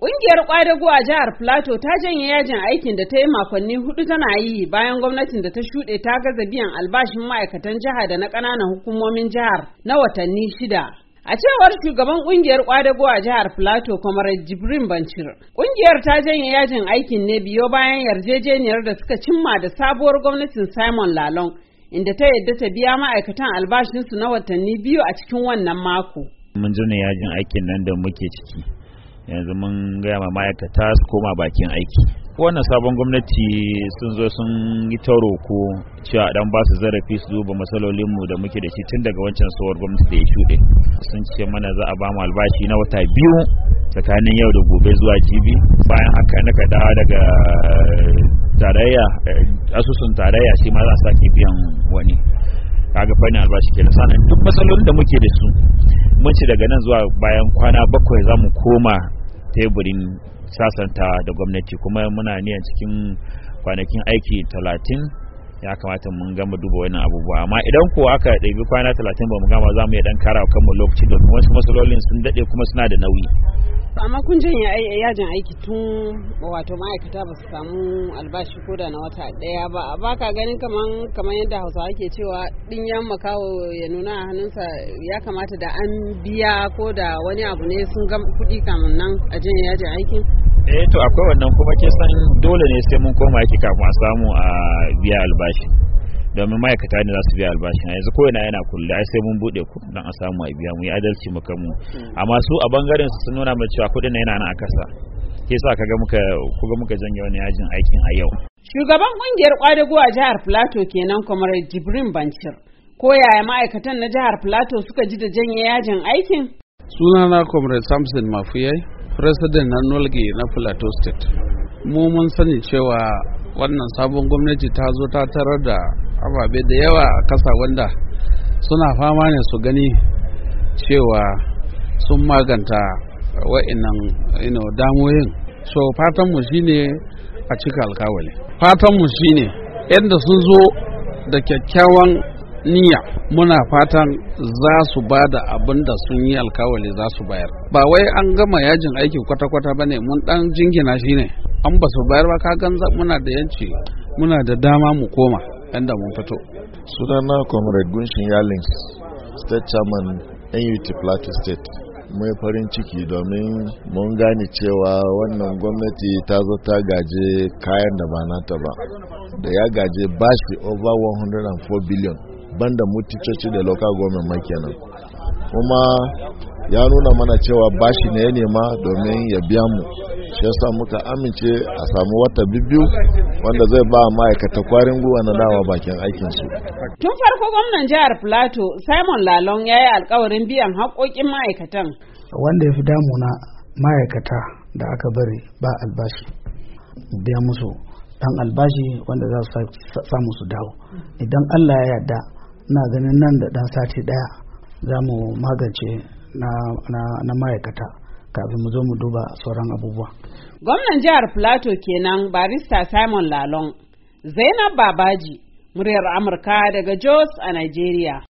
Ƙungiyar ƙwadago a jihar Plateau ta janye yajin aikin da ta yi makonni hudu tana yi bayan gwamnatin da ta shuɗe ta gaza biyan albashin ma'aikatan jiha da na ƙananan hukumomin jihar na watanni shida. A cewar shugaban ƙungiyar ƙwadago a jihar Filato kamar Jibrin Bancir, ƙungiyar ta janye yajin aikin ne biyo bayan yarjejeniyar da suka cimma da sabuwar gwamnatin Simon Lalong, inda ta yadda ta biya ma'aikatan albashinsu na watanni biyu a cikin wannan mako. Mun jone yajin aikin nan da muke ciki. yanzu mun gaya ma ma'aikata su koma bakin aiki wannan sabon gwamnati sun zo sun yi ta roko cewa dan ba su zarafi su duba matsalolin mu da muke da shi tun daga wancan tsohuwar gwamnati da ya shuɗe sun ce mana za a ba mu albashi na wata biyu tsakanin yau da gobe zuwa jibi bayan haka na kaɗa daga eh, tarayya eh, asusun tarayya shi ma za a sake biyan wani kaga fannin albashi kenan sanan duk matsalolin da muke da su mun ci daga nan zuwa bayan kwana bakwai za mu koma teburin sasanta da gwamnati kuma muna niyan cikin kwanakin aiki talatin ya kamata mun gama duba wannan abubuwa amma idan ko aka ɗabi kwana talatin ba mu gama za mu yi ɗan kara kanmu lokaci domin wasu masalolin sun daɗe kuma suna da nauyi amma kun janye yajin aiki tun wato ma'aikata ba su samu albashi ko da na wata ɗaya ba ba ka ganin kaman kaman yadda hausawa ke cewa ɗin yan makawo ya nuna a hannunsa ya kamata da an biya ko da wani abu ne sun gama kuɗi kamun nan a janye yajin aiki. eh to akwai wannan kuma ke san dole ne sai mun koma yake kafin a samu a biya albashi domin ma'aikata ne za su biya albashin yanzu ko yana yana kulle ai sai mun bude ku dan a samu a biya mu yi adalci mu kanmu hmm. amma su a bangaren su sun nuna mai cewa kudin yana nan a kasa ke sa kaga muka kuga muka janye wani yajin aikin a yau shugaban kungiyar kwadago a jihar Plateau kenan kamar Jibrin Bancir ko yaya ma'aikatan na jihar Plateau suka ji da janye yajin aikin sunana comrade Samson mafiyai president na nolge na plateau state mu mun sani cewa wannan sabon gwamnati ta zo ta tarar da ababe da yawa a kasa wanda suna fama ne su gani cewa sun maganta wa'inan you damoyin so fatanmu shine a cika alkawali fatanmu shine yadda sun zo da kyakkyawan niyya muna fatan za su ba da abin da sun yi alkawali za su bayar ba wai an gama yajin aiki kwata-kwata ba ne mun dan jingina shi ne an ba su bayar ba ka kagan muna da yanci muna da dama mu koma yadda mun fito sunana comrade gunshin yalins state chairman nut plateau state mai farin ciki domin mun gane cewa wannan gwamnati ta zo ta gaje kayan da ba nata ba da ya gaje bashi over 104 billion banda mutucoci da local government mai kenan kuma ya nuna mana cewa bashi ne ya nema domin ya biya mu shi yasa muka amince a samu wata bibiyu wanda zai ba ma'aikata kwarin gwiwa na dawa bakin aikin su tun farko gwamnan jihar plato simon lalon ya yi alkawarin biyan haƙoƙin ma'aikatan wanda ya fi damuna ma'aikata da aka bari ba albashi biya musu dan albashi wanda za su samu su dawo idan allah ya yarda na ganin nan da ɗan sati ɗaya za mu magance na, ma'aikata kafin mu zo mu duba sauran abubuwa. Gwamnan jihar Plateau kenan barista Simon Lalong, Zainab Babaji, muryar Amurka daga Jos a Nigeria.